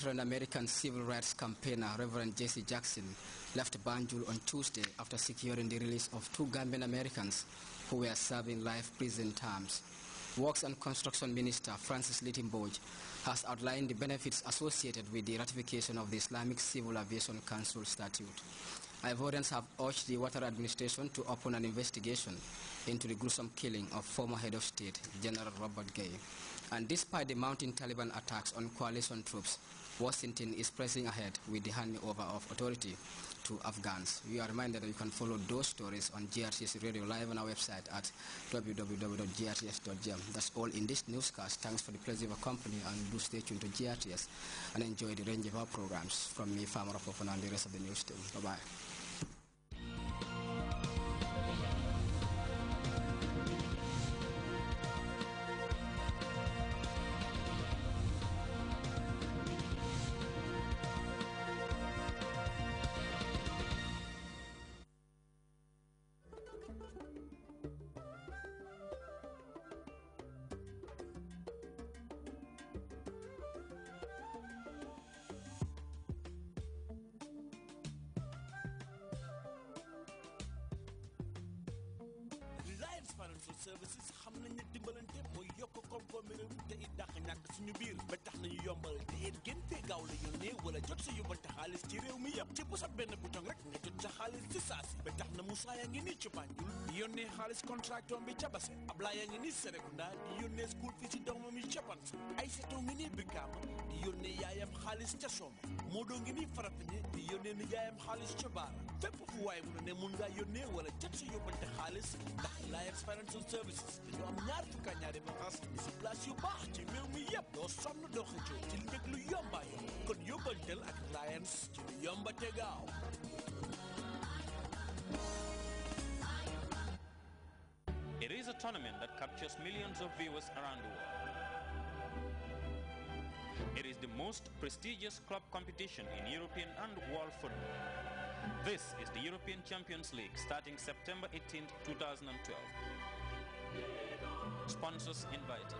veteran American civil rights campaigner Reverend Jesse Jackson left Banjul on Tuesday after securing the release of two Gambian Americans who were serving life prison terms. Works and Construction Minister Francis Littenboge has outlined the benefits associated with the ratification of the Islamic Civil Aviation Council Statute. Ivorians have urged the Water Administration to open an investigation into the gruesome killing of former head of state, General Robert Gay. And despite the mounting Taliban attacks on coalition troops, Washington is pressing ahead with the handover of authority to Afghans. You are reminded that you can follow those stories on GRTS Radio Live on our website at www.grts.gm. That's all in this newscast. Thanks for the pleasure of company and do stay tuned to GRTS and enjoy the range of our programs. From me, Farmer of and the rest of the news team. Bye-bye. services xam nañ ne dimbalante mooy yokk koom-koom réew mi te it dàq ñàkk suñu biir ba tax nañu yombal te it gën fee gaaw la yónnee wala jot sa yóbbante xaalis ci mi yëpp ci bu sa benn bouton rek sa saasi ba tax na Moussa yaa ngi nii ci Banjul yónnee xaalis contracteur bi ca Basse Ablaye yaa ngi nii Serekunda di yónnee school fii ci doomam yi ca Banjul ay setoo ngi nii Brikama di yónnee yaayam xaalis ca Soma moo doo ngi nii Farafenni di yónnee nijaayam xaalis ca fépp fu waaye wala jot sa yóbbante xaalis Financial Services am ñaar place yu baax ci mi yëpp sonn ci lu yomba kon ak ci lu yomba te gaaw It is a tournament that captures millions of viewers around the world. It is the most prestigious club competition in European and world football. This is the European Champions League starting September 18, 2012 sponsors invited.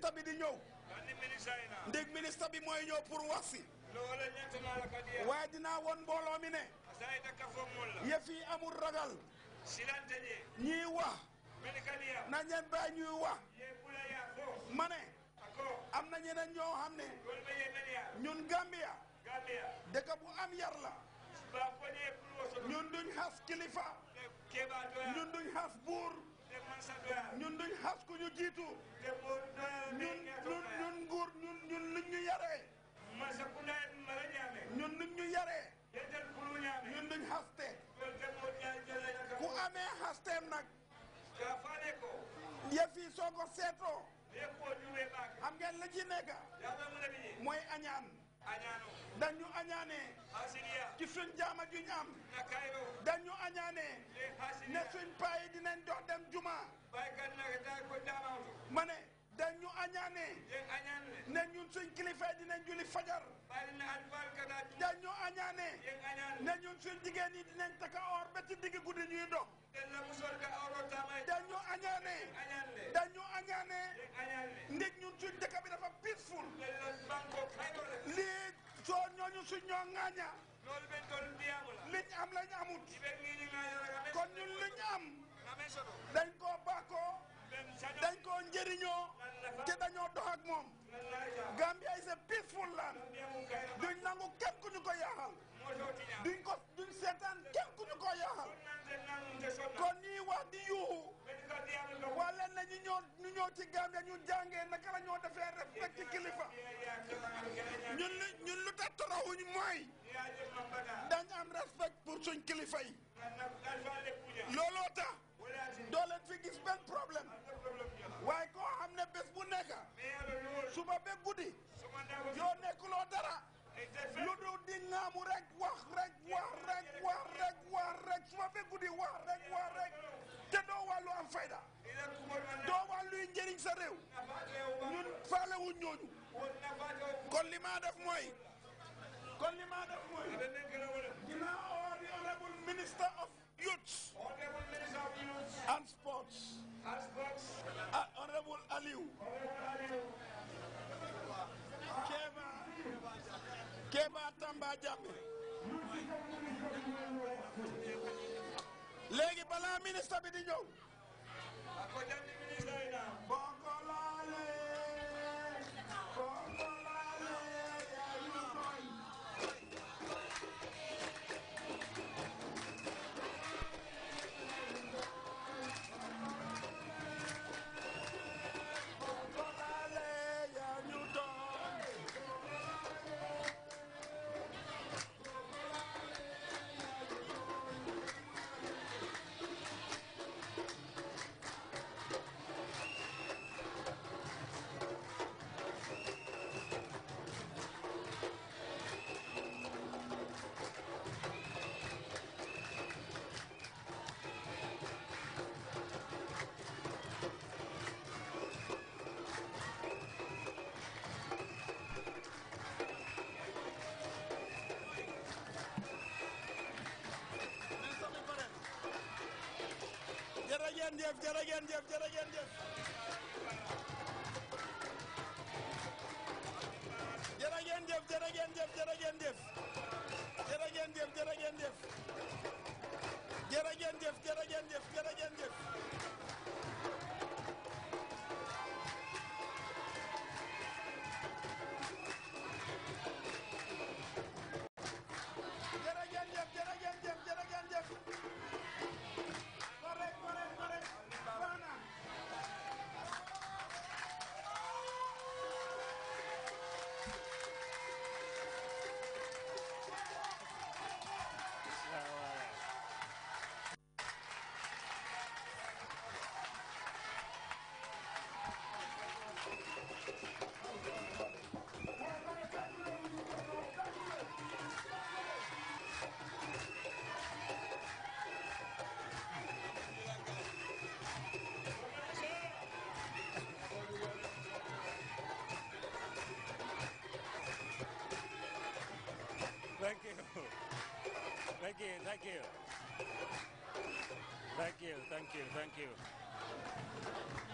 ministre bi di ñëw. ndég ministre bi mooy ñëw pour wax waaye dinaa won mbooloo mi ne. ragal. ñii wax. na ngeen bàyyi ñuy wax. ma am na ñeneen ñoo xam ne. ñun Gambia. dëkk bu am yar la. ñun duñ xas kilifa. ñun duñ xas buur. ñun duñ xas ku ñu jiitu. ñun ñun ñun nguur ñun ñun luñ ñu yaree. ñun luñ ñu ñun duñ xaste. ku amee xasteem nag. yëf soo ko seetoo. xam ngeen la ci nekk. mooy añaan. dañu añaane ci suñ jaama juñ am dañu añaane ne suñ paa dinañ dox dem ju añaanee ne ñun suñ kilifa dinañ julli fajar dañoo añaanee ne ñun suñ jigéen dinañ taka or ba ci guddi ñuy dox dañoo añaanee dañoo añaanee ndig ñun suñ dëkk bi dafa peaceful lii soo ñooñu suñ ñoo ŋaaña liñ am lañ amut kon ñun liñ am dañ koo bàkkoo dañ koo njëriñoo te dañoo dox ak moom Gambia is a peaceful land duñ nangu kenn ku ñu ko yaaxal duñ ko duñ seetaan kenn ku ñu ko yaaxal kon ñuy wax di yuuxu wala na ñu ñoo ñu ñëw ci Gambia ñu jàngee naka la ñoo respect kilifa ñun lu ñun lu tax toroxuñ mooy dañ am respect pour suñ kilifa yi looloo tax doo leen fi gis benn problème waaye koo xam ne bés bu nekk suba ba guddi yoo nekkuloo dara lu dul di ŋaamu rek wax rek wax rek wax rek te doo wàllu am fayda doo wàlluy njëriñ sa réew ñun faalewuñ ñooñu kon li maa def mooy kon maa def mooy and sports. And sports. Uh, Honorable Aliu. Kema. Tamba Jambi. léegi balaa ministre bi di ñëw. geldi, eftara geldi, eftara geldi. Yere geldi, eftara geldi, eftara geldi. Yere geldi, eftara geldi. Yere geldi, eftara geldi, eftara geldi. Thank you, thank you. Thank you, thank you, thank you.